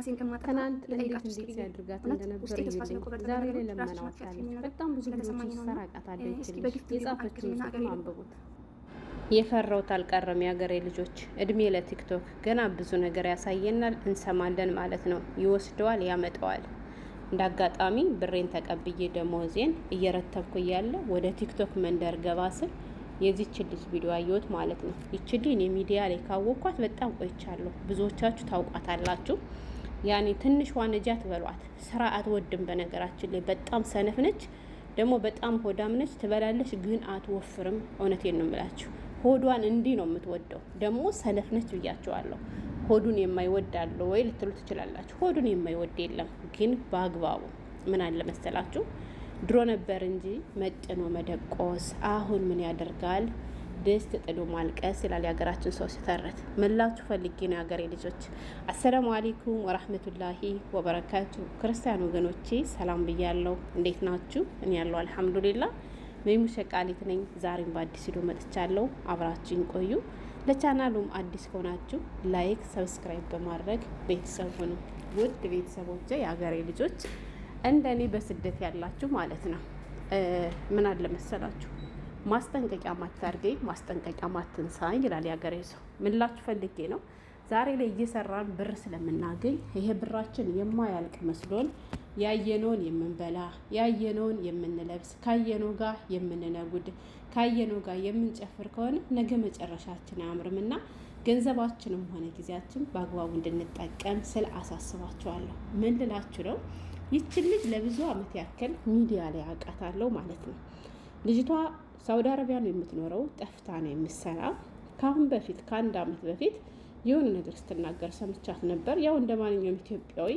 ራሴን ከማጠፋ ትናንት ልጆች የፈራሁት አልቀረም። የሀገሬ ልጆች እድሜ ለቲክቶክ ገና ብዙ ነገር ያሳየናል፣ እንሰማለን ማለት ነው። ይወስደዋል፣ ያመጣዋል። እንደ አጋጣሚ ብሬን ተቀብዬ ደሞዜን እየረተብኩ እያለ ወደ ቲክቶክ መንደር ገባ ስል የዚች ልጅ ቪዲዮ አየሁት ማለት ነው። ይች ልጅ እኔ ሚዲያ ላይ ካወቅኳት በጣም ቆይቻለሁ። ብዙዎቻችሁ ታውቋታላችሁ። ያኔ ትንሿ ነጃት በሏት። ስራ አትወድም። በነገራችን ላይ በጣም ሰነፍ ነች፣ ደግሞ በጣም ሆዳም ነች። ትበላለች ግን አትወፍርም። እውነቴን ነው የምላችሁ። ሆዷን እንዲህ ነው የምትወደው። ደግሞ ሰነፍ ነች ብያቸዋለሁ። ሆዱን የማይወድ አለ ወይ ልትሉ ትችላላችሁ። ሆዱን የማይወድ የለም፣ ግን በአግባቡ ምን አለ መሰላችሁ ድሮ ነበር እንጂ መጥኖ መደቆስ አሁን ምን ያደርጋል ድስት ጥዶ ማልቀስ ይላል የሀገራችን ሰው ሲተረት። መላችሁ ፈልጌ ነው የሀገሬ ልጆች። አሰላሙ አሌይኩም ወራህመቱላሂ ወበረካቱ። ክርስቲያን ወገኖቼ ሰላም ብያለው። እንዴት ናችሁ? እኔ ያለው አልሐምዱሊላ። ወይም ሸቃሊት ነኝ። ዛሬም በአዲስ ሂዶ መጥቻለው። አብራችሁኝ ቆዩ። ለቻናሉም አዲስ ከሆናችሁ ላይክ፣ ሰብስክራይብ በማድረግ ቤተሰብ ሁኑ። ውድ ቤተሰቦች፣ የሀገሬ ልጆች እንደኔ በስደት ያላችሁ ማለት ነው ምን አለ መሰላችሁ ማስጠንቀቂያ ማታርገኝ፣ ማስጠንቀቂያ ማትንሳኝ ይላል የሀገሬ ሰው። ምላችሁ ፈልጌ ነው። ዛሬ ላይ እየሰራን ብር ስለምናገኝ ይሄ ብራችን የማያልቅ መስሎን ያየነውን የምንበላ ያየነውን የምንለብስ ካየነው ጋር የምንነጉድ ካየነው ጋር የምንጨፍር ከሆነ ነገ መጨረሻችን አያምርምና ገንዘባችንም ሆነ ጊዜያችን በአግባቡ እንድንጠቀም ስል አሳስባችኋለሁ። ምን ልላችሁ ነው? ይችን ልጅ ለብዙ ዓመት ያክል ሚዲያ ላይ አውቃታለሁ ማለት ነው ልጅቷ ሳውዲ አረቢያ ነው የምትኖረው፣ ጠፍታ ነው የምትሰራ። ከአሁን በፊት ከአንድ አመት በፊት የሆነ ነገር ስትናገር ሰምቻት ነበር። ያው እንደ ማንኛውም ኢትዮጵያዊ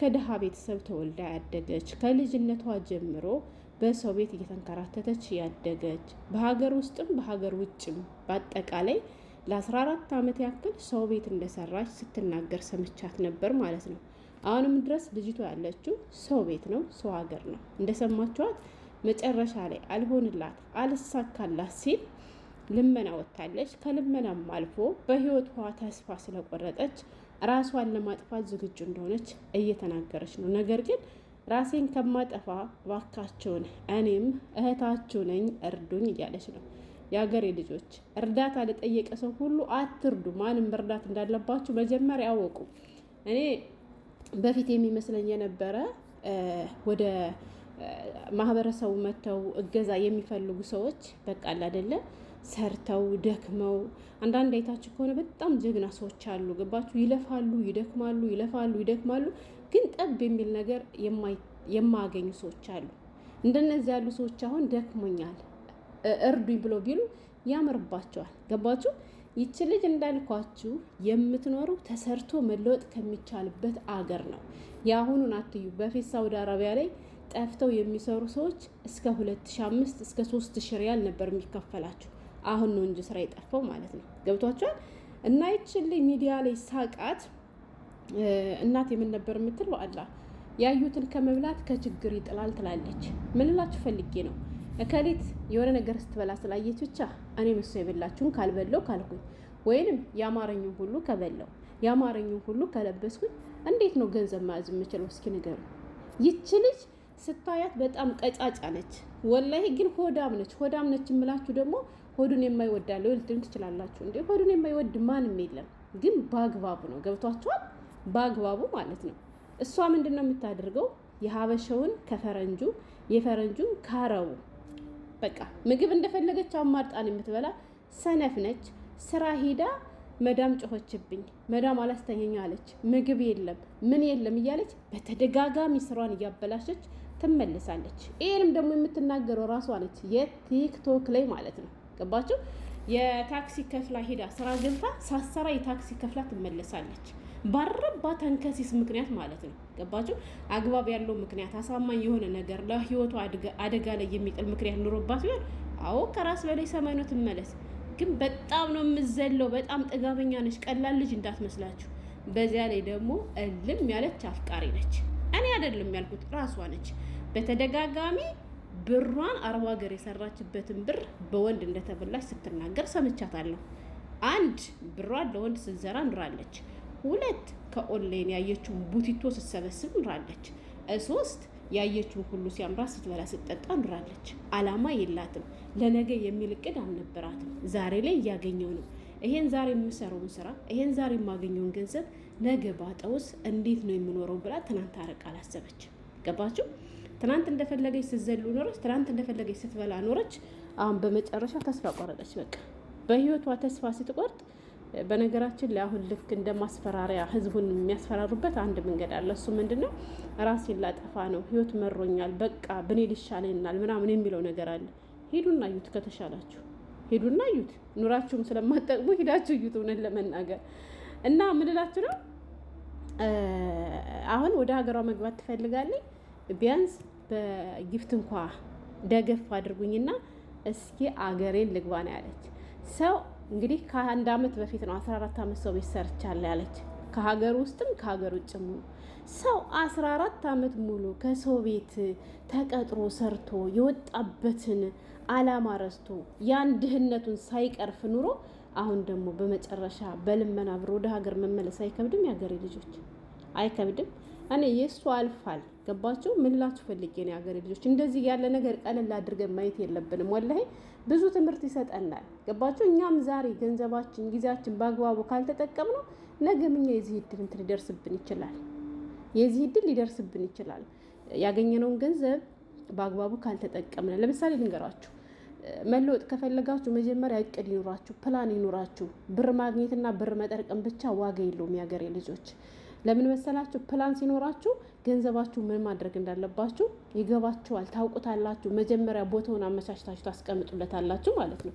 ከድሃ ቤተሰብ ተወልዳ ያደገች ከልጅነቷ ጀምሮ በሰው ቤት እየተንከራተተች ያደገች በሀገር ውስጥም በሀገር ውጭም በአጠቃላይ ለ14 ዓመት ያክል ሰው ቤት እንደሰራች ስትናገር ሰምቻት ነበር ማለት ነው። አሁንም ድረስ ልጅቷ ያለችው ሰው ቤት ነው፣ ሰው ሀገር ነው። እንደሰማችኋት መጨረሻ ላይ አልሆንላት አልሳካላት ሲል ልመና ወጥታለች። ከልመናም አልፎ በህይወቷ ተስፋ ስለቆረጠች ራሷን ለማጥፋት ዝግጁ እንደሆነች እየተናገረች ነው። ነገር ግን ራሴን ከማጠፋ ባካችሁን፣ እኔም እህታችሁ ነኝ፣ እርዱኝ እያለች ነው። የሀገሬ ልጆች እርዳታ ለጠየቀ ሰው ሁሉ አትርዱ። ማንም መርዳት እንዳለባችሁ መጀመሪያ አወቁ። እኔ በፊት የሚመስለኝ የነበረ ወደ ማህበረሰቡ መጥተው እገዛ የሚፈልጉ ሰዎች በቃል አይደለ ሰርተው ደክመው አንዳንድ አይታችሁ ከሆነ በጣም ጀግና ሰዎች አሉ። ገባችሁ? ይለፋሉ፣ ይደክማሉ፣ ይለፋሉ፣ ይደክማሉ፣ ግን ጠብ የሚል ነገር የማያገኙ ሰዎች አሉ። እንደነዚህ ያሉ ሰዎች አሁን ደክሞኛል እርዱኝ ብሎ ቢሉ ያምርባቸዋል። ገባችሁ? ይቺ ልጅ እንዳልኳችሁ የምትኖሩ ተሰርቶ መለወጥ ከሚቻልበት አገር ነው። የአሁኑን አትዩ። በፊት ሳውዲ አረቢያ ላይ ጠፍተው የሚሰሩ ሰዎች እስከ 2005 እስከ 3000 ሪያል ነበር የሚከፈላቸው። አሁን ነው እንጂ ስራ የጠፋው ማለት ነው። ገብቷቸዋል። እና ይችል ሚዲያ ላይ ሳቃት እናት የምን ነበር የምትለው አላ ያዩትን ከመብላት ከችግር ይጥላል ትላለች። ምንላችሁ ፈልጌ ነው እከሌት የሆነ ነገር ስትበላ ስላየች ብቻ እኔ መሶ የበላችሁን ካልበለው ካልኩኝ ወይንም ያማረኝን ሁሉ ከበለው ያማረኝን ሁሉ ከለበስኩኝ እንዴት ነው ገንዘብ መያዝ የምችለው? እስኪ ንገሩ ይች ልጅ ስታያት በጣም ቀጫጫ ነች። ወላሂ ግን ሆዳም ነች። ሆዳም ነች የምላችሁ ደግሞ ሆዱን የማይወድ አለ ልትሉ ትችላላችሁ። እንዴ ሆዱን የማይወድ ማንም የለም። ግን በአግባቡ ነው ገብቷችኋል? በአግባቡ ማለት ነው። እሷ ምንድን ነው የምታደርገው? የሀበሻውን ከፈረንጁ የፈረንጁን ካረቡ በቃ ምግብ እንደፈለገች አማርጣን የምትበላ ሰነፍ ነች። ስራ ሂዳ መዳም ጮኸችብኝ፣ መዳም አላስተኛኝ አለች፣ ምግብ የለም ምን የለም እያለች በተደጋጋሚ ስራዋን እያበላሸች ትመለሳለች። ይሄንም ደግሞ የምትናገረው ራሷ ነች፣ የቲክቶክ ላይ ማለት ነው። ገባችሁ? የታክሲ ከፍላ ሄዳ ስራ ገብታ ሳሰራ የታክሲ ከፍላ ትመለሳለች። ባረባ ተንከሲስ ምክንያት ማለት ነው። ገባችሁ? አግባብ ያለው ምክንያት፣ አሳማኝ የሆነ ነገር ለህይወቱ አደጋ ላይ የሚጥል ምክንያት ኑሮባት ቢሆን አዎ ከራስ በላይ ሰማይ ነው፣ ትመለስ። ግን በጣም ነው የምዘለው። በጣም ጥጋበኛ ነች። ቀላል ልጅ እንዳትመስላችሁ። በዚያ ላይ ደግሞ እልም ያለች አፍቃሪ ነች። እኔ አይደለም ያልኩት ራሷ ነች። በተደጋጋሚ ብሯን አረብ ሀገር የሰራችበትን ብር በወንድ እንደተበላች ስትናገር ሰምቻታለሁ። አንድ ብሯን ለወንድ ስንዘራ እንራለች። ሁለት ከኦንላይን ያየችውን ቡቲቶ ስትሰበስብ እንራለች። ሶስት ያየችውን ሁሉ ሲያምራ ስትበላ ስትጠጣ እንራለች። አላማ የላትም። ለነገ የሚል እቅድ አልነበራትም። ዛሬ ላይ እያገኘው ነው። ይሄን ዛሬ የምሰራውን ስራ ይሄን ዛሬ የማገኘውን ገንዘብ ነገ ባጠውስ እንዴት ነው የምኖረው ብላ ትናንት አረቅ አላሰበች። ገባችሁ? ትናንት እንደፈለገች ስትዘሉ ኖረች። ትናንት እንደፈለገች ስትበላ ኖረች። አሁን በመጨረሻ ተስፋ ቆረጠች። በቃ በህይወቷ ተስፋ ስትቆርጥ በነገራችን ላይ አሁን ልክ እንደ ማስፈራሪያ ህዝቡን የሚያስፈራሩበት አንድ መንገድ አለ። እሱ ምንድን ነው? ራሴን ላጠፋ ነው፣ ህይወት መሮኛል፣ በቃ ብኔ ሊሻለናል ምናምን የሚለው ነገር አለ። ሂዱና እዩት ከተሻላችሁ ሄዱና እዩት። ኑራችሁም ስለማጠቅሙ ሄዳችሁ እዩት። እውነት ለመናገር እና ምንላችሁ ነው አሁን ወደ ሀገሯ መግባት ትፈልጋለች። ቢያንስ በጊፍት እንኳ ደገፍ አድርጉኝና እስኪ አገሬን ልግባ ነው ያለች። ሰው እንግዲህ ከአንድ አመት በፊት ነው 14 ዓመት ሰው ቤት ሰርቻለሁ ያለች ከሀገር ውስጥም ከሀገር ውጭም ሰው 14 ዓመት ሙሉ ከሰው ቤት ተቀጥሮ ሰርቶ የወጣበትን አላማ ረስቶ ያን ድህነቱን ሳይቀርፍ ኑሮ አሁን ደግሞ በመጨረሻ በልመና ብሮ ወደ ሀገር መመለስ አይከብድም? የሀገሬ ልጆች አይከብድም? እኔ የእሱ አልፋል። ገባችሁ? ምን ላችሁ ፈልጌ ነው? የሀገሬ ልጆች እንደዚህ ያለ ነገር ቀለል አድርገን ማየት የለብንም። ወላሂ ብዙ ትምህርት ይሰጠናል። ገባችሁ? እኛም ዛሬ ገንዘባችን፣ ጊዜያችን በአግባቡ ካልተጠቀምነው ነገም እኛ የዚህ እድል እንትን ሊደርስብን ይችላል። የዚህ እድል ሊደርስብን ይችላል። ያገኘነውን ገንዘብ በአግባቡ ካልተጠቀምን፣ ለምሳሌ ልንገራችሁ፣ መለወጥ ከፈለጋችሁ መጀመሪያ እቅድ ይኑራችሁ፣ ፕላን ይኑራችሁ። ብር ማግኘትና ብር መጠርቀም ብቻ ዋጋ የለውም የሀገሬ ልጆች። ለምን መሰላችሁ? ፕላን ሲኖራችሁ ገንዘባችሁ ምን ማድረግ እንዳለባችሁ ይገባችኋል፣ ታውቁታላችሁ። መጀመሪያ ቦታውን አመቻችታችሁ ታስቀምጡለታላችሁ ማለት ነው።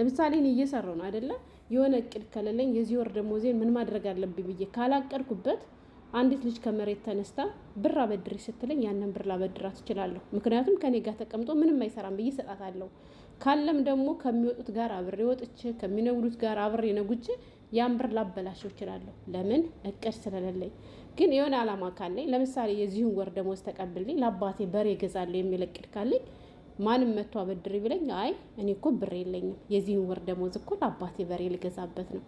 ለምሳሌ እኔ እየሰራሁ ነው አይደለ? የሆነ እቅድ ከሌለኝ የዚህ ወር ደሞዜን ምን ማድረግ አለብኝ ብዬ ካላቀድኩበት አንዲት ልጅ ከመሬት ተነስታ ብር አበድሪ ስትለኝ ያንን ብር ላበድራት እችላለሁ። ምክንያቱም ከኔ ጋር ተቀምጦ ምንም አይሰራም ብዬ እሰጣታለሁ። ካለም ደግሞ ከሚወጡት ጋር አብሬ ወጥቼ ከሚነግዱት ጋር አብሬ ነጉቼ ያን ብር ላበላሸው እችላለሁ። ለምን እቅድ ስለሌለኝ። ግን የሆነ አላማ ካለኝ ለምሳሌ የዚህን ወር ደሞዝ ተቀብልኝ ለአባቴ በሬ እገዛለሁ የሚል እቅድ ካለኝ ማንም መጥቶ አበድሪ ብለኝ፣ አይ እኔ እኮ ብር የለኝም የዚህን ወር ደሞዝ እኮ ለአባቴ በሬ ልገዛበት ነው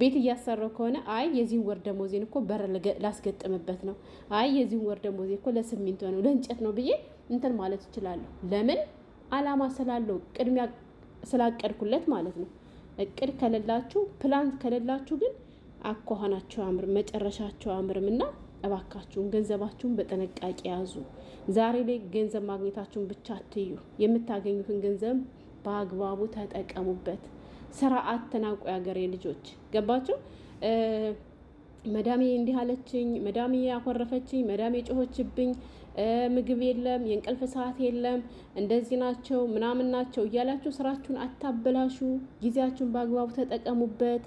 ቤት እያሰራው ከሆነ አይ የዚህን ወር ደሞዜን እኮ በር ላስገጥምበት ነው፣ አይ የዚህን ወር ደሞዜ እኮ ለስሚንቶ ነው ለእንጨት ነው ብዬ እንትን ማለት እችላለሁ። ለምን አላማ ስላለው ቅድሚያ ስላቀድኩለት ማለት ነው። እቅድ ከሌላችሁ ፕላን ከሌላችሁ ግን አኳኋናቸው አምርም መጨረሻቸው አምርም እና እባካችሁን ገንዘባችሁን በጥንቃቄ ያዙ። ዛሬ ላይ ገንዘብ ማግኘታችሁን ብቻ አትዩ። የምታገኙትን ገንዘብ በአግባቡ ተጠቀሙበት። ስርዓት ተናቁ የሀገሬ ልጆች ገባችሁ። መዳሜ እንዲህ አለችኝ፣ መዳሜ ያኮረፈችኝ፣ መዳሜ ጮኸችብኝ፣ ምግብ የለም፣ የእንቅልፍ ሰዓት የለም፣ እንደዚህ ናቸው ምናምን ናቸው እያላችሁ ስራችሁን አታበላሹ። ጊዜያችሁን በአግባቡ ተጠቀሙበት።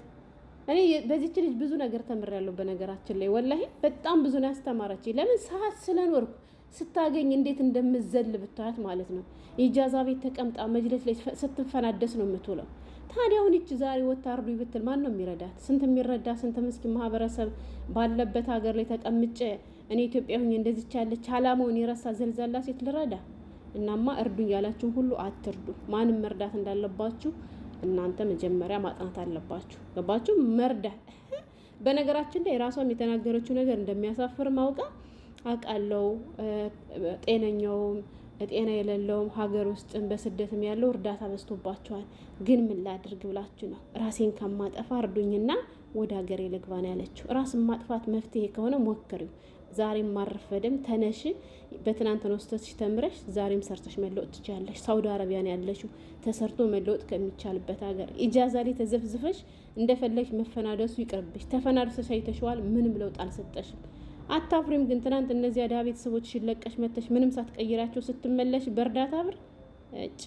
እኔ በዚች ልጅ ብዙ ነገር ተምሬያለሁ። በነገራችን ላይ ወላሂ በጣም ብዙ ነው ያስተማረች። ለምን ሰዓት ስለኖርኩ ስታገኝ እንዴት እንደምዘል ብታያት ማለት ነው። ኢጃዛ ቤት ተቀምጣ መጅለስ ላይ ስትፈናደስ ነው የምትውለው። ታዲያ አሁን ይች ዛሬ ወታ አርዱ ብትል ማን ነው የሚረዳት? ስንት የሚረዳ ስንት ምስኪን ማህበረሰብ ባለበት ሀገር ላይ ተቀምጬ እኔ ኢትዮጵያ ሁኝ እንደዚች ያለች አላማውን የረሳ ዘልዛላ ሴት ልረዳ? እናማ እርዱኝ ያላችሁ ሁሉ አትርዱ። ማንም መርዳት እንዳለባችሁ እናንተ መጀመሪያ ማጥናት አለባችሁ። ገባችሁ? መርዳት በነገራችን ላይ ራሷም የተናገረችው ነገር እንደሚያሳፍር ማውቃ አቃለው ጤነኛውም ጤና የሌለውም ሀገር ውስጥም በስደትም ያለው እርዳታ በዝቶባቸዋል። ግን ምን ላድርግ ብላችሁ ነው ራሴን ከማጠፋ እርዱኝና ወደ ሀገሬ ልግባ ነው ያለችው። ራስን ማጥፋት መፍትሄ ከሆነ ሞክሪው። ዛሬም ማረፈደም ተነሽ። በትናንትናው ስህተትሽ ተምረሽ ዛሬም ሰርተሽ መለወጥ ትችላለሽ። ሳውዲ አረቢያን ነው ያለሽው። ተሰርቶ መለወጥ ከሚቻልበት ሀገር ኢጃዛ ላይ ተዘፍዝፈሽ እንደፈለግሽ መፈናደሱ ይቅርብሽ። ተፈናድሰሽ አይተሽዋል። ምንም ለውጥ አልሰጠሽም። አታፍሪም ግን? ትናንት እነዚህ አድሃ ቤተሰቦች ሲለቀሽ መተሽ ምንም ሳትቀይራቸው ስትመለሽ በእርዳታ ብር እጭ